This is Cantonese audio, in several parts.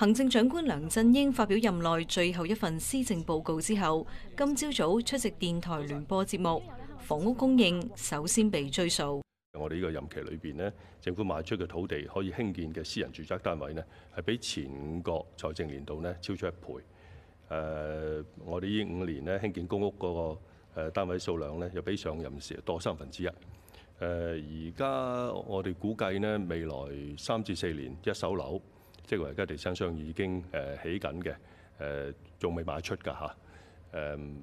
行政長官梁振英發表任內最後一份施政報告之後，今朝早，早出席電台聯播節目。房屋供應首先被追數。我哋呢個任期裏邊咧，政府賣出嘅土地可以興建嘅私人住宅單位呢係比前五個財政年度呢超出一倍。誒、呃，我哋呢五年呢興建公屋嗰個誒單位數量呢，又比上任時多三分之一。誒、呃，而家我哋估計呢未來三至四年一手樓。即係話，而家地產商已經誒起緊嘅，誒仲未賣出㗎嚇，誒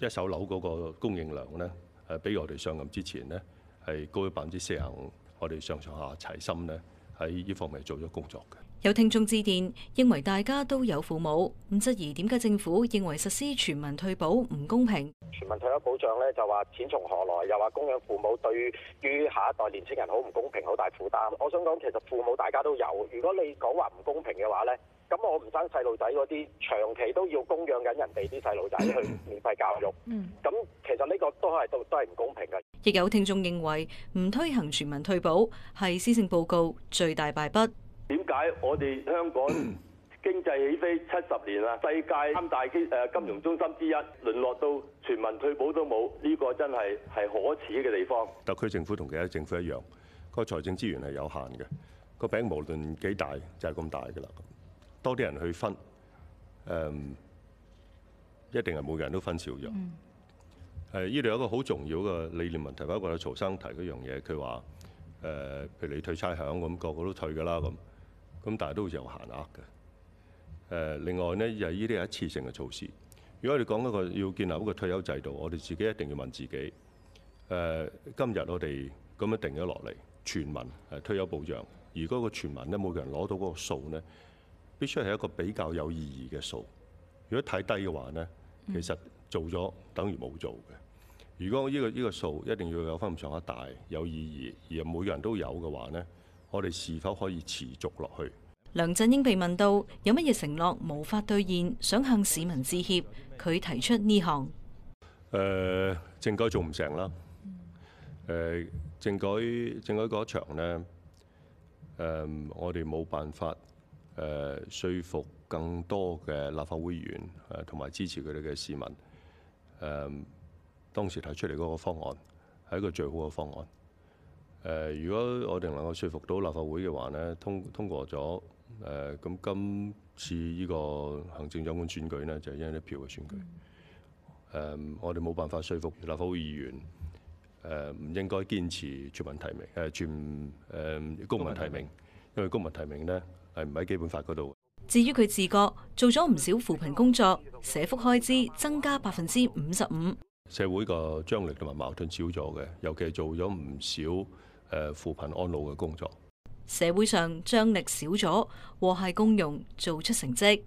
一手樓嗰個供應量咧，誒比我哋上任之前咧係高咗百分之四啊五，我哋上上下齊心咧喺呢方面做咗工作嘅。有聽眾致電，認為大家都有父母，唔質疑點解政府認為實施全民退保唔公平？全民退休保障呢，就話錢從何來？又話供養父母對於下一代年輕人好唔公平，好大負擔。我想講，其實父母大家都有。如果你講話唔公平嘅話呢，咁我唔生細路仔嗰啲，長期都要供養緊人哋啲細路仔去免費教育。那嗯，咁其實呢個都係都都係唔公平嘅。亦有聽眾認為，唔推行全民退保係施政報告最大敗筆。點解我哋香港經濟起飛七十年啊？世界三大金誒金融中心之一，淪落到全民退保都冇，呢個真係係可恥嘅地方。特區政府同其他政府一樣，個財政資源係有限嘅，個餅無論幾大就係咁大噶啦。多啲人去分，誒一定係每,、嗯、每個人都分少咗。誒，呢度有一個好重要嘅理念問題，包括阿曹生提嗰樣嘢，佢話誒，譬如你退差餉咁，個個都退噶啦咁。咁但係都會有限額嘅。誒，另外呢，又係呢啲係一次性嘅措施。如果我哋講一個要建立一個退休制度，我哋自己一定要問自己。誒，今日我哋咁樣定咗落嚟全民誒退休保障，如果個全民呢，每個人攞到嗰個數呢，必須係一個比較有意義嘅數。如果太低嘅話呢，其實做咗等於冇做嘅。如果呢個呢個數一定要有分唔上一大有意義，而每個人都有嘅話呢。我哋是否可以持續落去？梁振英被問到有乜嘢承諾無法兌現，想向市民致歉，佢提出呢項。誒、呃、政改做唔成啦。誒、呃、政改政改嗰場呢、呃，我哋冇辦法誒、呃、說服更多嘅立法會議員同埋、呃、支持佢哋嘅市民。誒、呃、當時提出嚟嗰個方案係一個最好嘅方案。誒，如果我哋能夠說服到立法會嘅話咧，通通過咗誒，咁、呃、今次呢個行政長官選舉呢就係、是、一人一票嘅選舉。誒、呃，我哋冇辦法說服立法會議員誒，唔、呃、應該堅持全民提名，誒、呃、全誒、呃、公民提名，因為公民提名呢係唔喺基本法嗰度。至於佢自覺做咗唔少扶貧工作，社福開支增加百分之五十五，社會個張力同埋矛盾少咗嘅，尤其係做咗唔少。誒扶貧安老嘅工作，社會上張力少咗，和諧共融，做出成績。